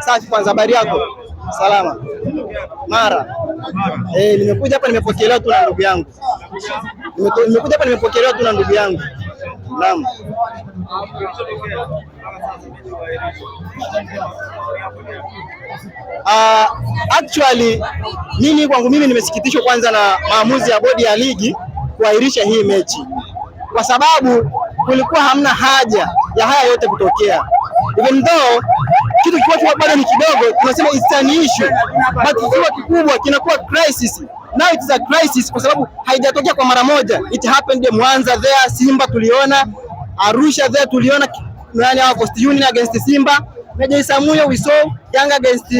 Safi. Kwanza habari yako? Salama. Mara eh, nimekuja hapa nimepokelewa tu na ndugu yangu, nimekuja hapa nimepokelewa tu na ndugu yangu. Naam. Uh, actually mimi kwangu mimi nimesikitishwa kwanza na maamuzi ya bodi ya ligi kuahirisha hii mechi kwa sababu kulikuwa hamna haja ya haya yote kutokea, even though kitu kikiwa bado ni kidogo, tunasema it's an issue, but kikiwa kikubwa kinakuwa crisis. Now it is a crisis kwa sababu haijatokea kwa mara moja. It happened in Mwanza there, Simba tuliona Arusha there, tuliona nani hapo, Coast Union against Simba na Jaisamuyo, we saw Yanga against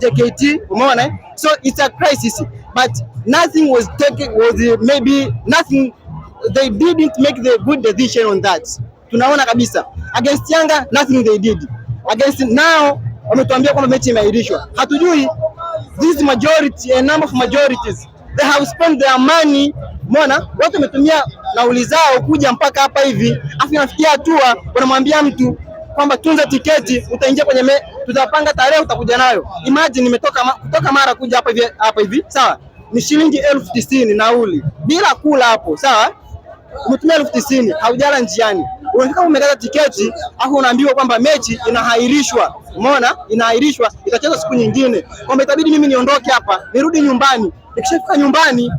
JKT, umeona. Eh? So it's a crisis but nothing was taken, was maybe nothing they didn't make the good decision on that tunaona kabisa against Yanga nothing they did against now, wametuambia kwamba mechi imeahirishwa. Hatujui this majority a number of majorities they have spent their money. Mbona watu wametumia nauli zao kuja mpaka hapa hivi, afu inafikia hatua wanamwambia mtu kwamba tunza tiketi, utaingia kwenye me, tutapanga tarehe, utakuja nayo. Imagine nimetoka kutoka mara kuja hapa hivi hapa hivi, sawa, ni shilingi elfu tisini nauli bila kula hapo, sawa, umetumia elfu tisini haujala njiani Unafika umekata tiketi au unaambiwa kwamba mechi inahairishwa, umeona, inahairishwa itachezwa siku nyingine, kwamba itabidi mimi niondoke hapa nirudi nyumbani. Nikishafika nyumbani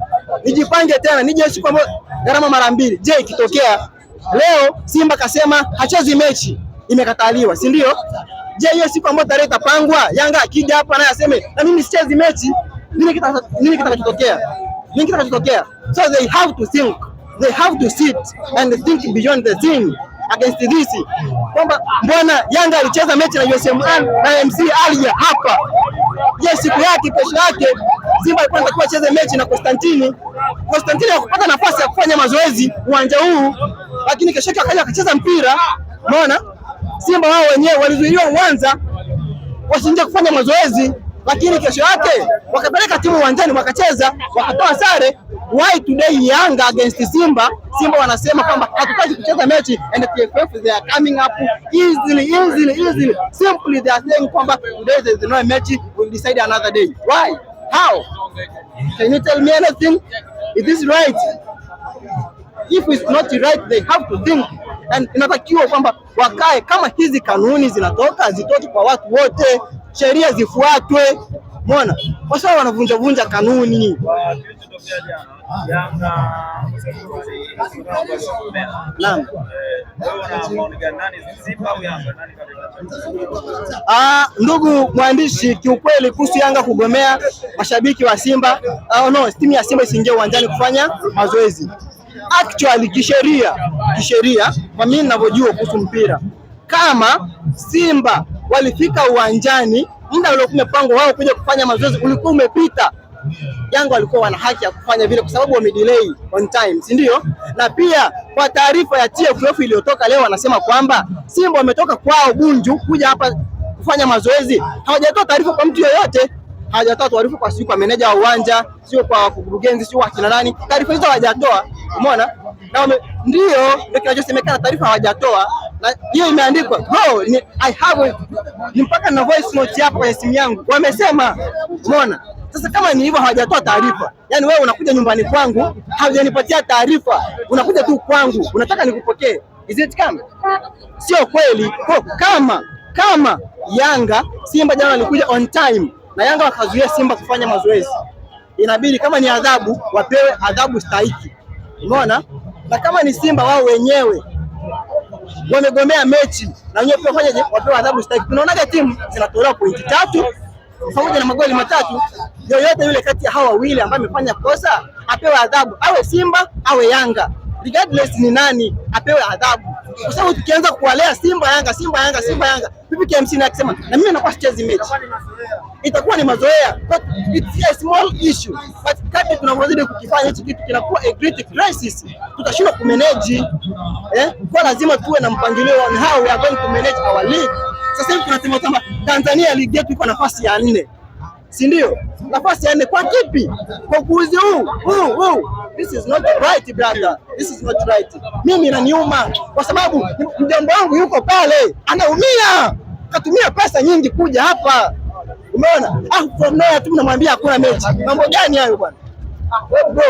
nijipange tena nije siku ambayo gharama mara mbili. Je, ikitokea leo Simba kasema hachezi mechi imekataliwa, si ndio? Je, hiyo siku ambayo tarehe itapangwa, Yanga akija hapa naye aseme na mimi sichezi mechi, nini kitakachotokea? Nini kitakachotokea? So they have to think, they have to sit and think beyond the thing against this kwamba mbona Yanga alicheza mechi na USM na MC Alger hapa. Je, siku yake kesho yake Simba alikuwa anatakiwa cheze mechi na Constantine. Constantine hakupata nafasi ya kufanya mazoezi uwanja huu, lakini kesho yake akaja akacheza mpira. Umeona Simba wao wenyewe walizuiliwa uwanja wasiingia kufanya mazoezi, lakini kesho yake wakapeleka timu uwanjani wakacheza, wakatoa sare. Why today Yanga against Simba Simba wanasema kwamba hatutaki kucheza mechi and TFF they are coming up easily easily easily simply they are saying kwamba today there is no match we will decide another day why how can you tell me anything is this right if it's not right they have to think and inatakiwa kwamba wakae kama hizi kanuni zinatoka zitoke kwa watu wote sheria zifuatwe mbona kwa sababu wanavunja vunja kanuni Ah, ndugu mwandishi, kiukweli kuhusu Yanga kugomea mashabiki wa Simba au ah, no, timu ya Simba isiingie uwanjani kufanya mazoezi. Actually kisheria, kisheria kwa mimi ninavyojua kuhusu mpira, kama Simba walifika uwanjani muda uliokuwa umepangwa wao kuja kufanya mazoezi ulikuwa umepita. Yanga walikuwa wana haki ya kufanya vile kwa sababu wame delay on time, si ndio? Na pia kwa taarifa ya TFF iliyotoka leo wanasema kwamba Simba wametoka kwao Bunju kuja hapa kufanya mazoezi, hawajatoa taarifa kwa mtu yoyote, hawajatoa taarifa kwa sio kwa meneja wa uwanja, sio kwa kukurugenzi, sio akina nani, taarifa hizo hawajatoa. Umeona? Na wame, ndio ndio kinachosemekana, taarifa hawajatoa na hiyo imeandikwa bro, ni I have ni mpaka na voice note hapo kwenye simu yangu, wamesema. Umeona? Sasa kama ni hivyo hawajatoa taarifa, yaani wewe unakuja nyumbani kwangu hawajanipatia taarifa, unakuja tu kwangu unataka nikupokee, is it come? sio kweli? Kwa kama kama Yanga Simba jana walikuja on time na Yanga wakazuia Simba kufanya mazoezi, inabidi kama ni adhabu wapewe adhabu stahiki, umeona? Na kama ni Simba wao wenyewe wamegomea mechi na wenyewe pia wafanyaje, wapewe adhabu stahiki. Tunaonaga timu zinatolewa pointi tatu pamoja na magoli matatu, yoyote yule kati ya hawa wawili ambaye amefanya kosa apewe adhabu, awe Simba awe Yanga, regardless ni nani, apewe adhabu, kwa sababu tukianza kuwalea Simba Yanga, Simba Yanga, Simba Yanga, vipi KMC na akisema na mimi nakuwa sichezi mechi, itakuwa ni mazoea, but it's a small issue, but kadri tunavyozidi kukifanya hichi kitu kinakuwa a great crisis, tutashindwa kumanage eh, kwa lazima tuwe na mpangilio on how we are going to manage our league. Sasa hivi tunasema kwamba Tanzania ligi yetu iko nafasi ya nne, si ndio? Nafasi ya nne kwa kipi? Kwa kuuzi huu huu huu. This is not right brother, this is not right. Mimi naniuma kwa sababu mjomba wangu yuko pale anaumia, katumia pesa nyingi kuja hapa, umeona? Ah, from nowhere tu mnamwambia hakuna mechi. Mambo gani hayo bwana? Ah,